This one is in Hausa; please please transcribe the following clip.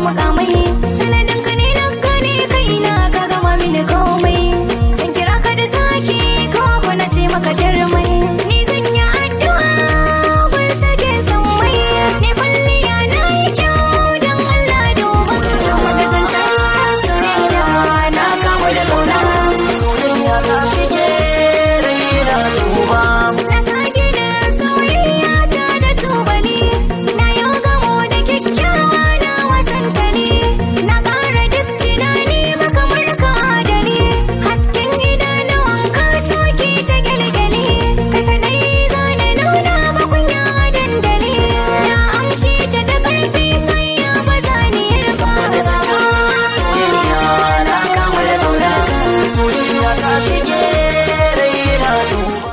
mukamai sanadin she